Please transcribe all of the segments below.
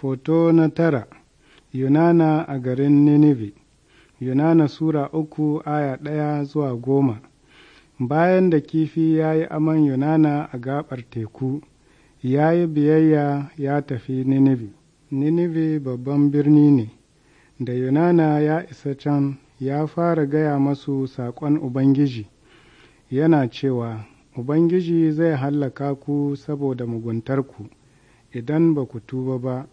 Foto na tara Yunana a garin Ninive Yunana Sura uku aya ɗaya zuwa goma Bayan da kifi ya yi aman Yunana a gaɓar teku, ya yi biyayya ya tafi Ninive. Ninive babban birni ne, da Yunana ya isa can ya fara gaya masu saƙon Ubangiji, yana cewa, Ubangiji zai hallaka ku saboda muguntarku, idan ba ku tuba ba.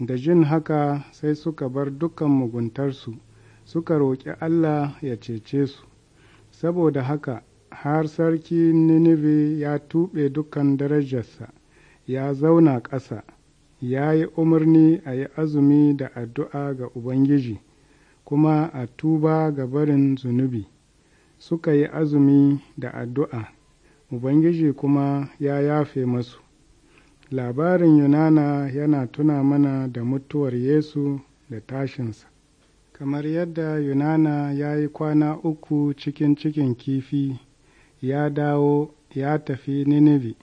da jin haka sai suka bar dukan muguntarsu suka roƙi Allah ya cece su saboda haka har sarki Ninive ya tuɓe dukan darajarsa ya zauna ƙasa ya yi umarni a yi azumi da addu'a ga Ubangiji kuma a tuba ga barin zunubi suka yi azumi da addu'a Ubangiji kuma ya yafe masu labarin yunana yana tuna mana da mutuwar yesu da tashinsa kamar yadda yunana ya yi kwana uku cikin cikin kifi ya dawo ya tafi ninibi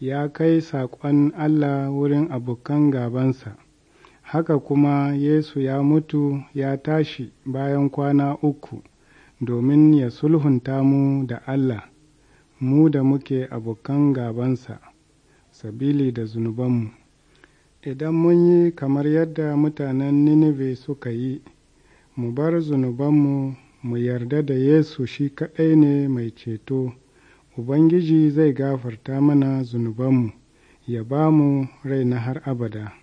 ya kai saƙon allah wurin abokan gabansa haka kuma yesu ya mutu ya tashi bayan kwana uku domin ya sulhunta mu da allah mu da muke abokan gabansa sabili da zunubanmu idan mun yi kamar yadda mutanen ninive suka yi mu bar zunubanmu mu yarda da yesu shi kaɗai ne mai ceto ubangiji zai gafarta mana zunubanmu ya ba mu rai na har abada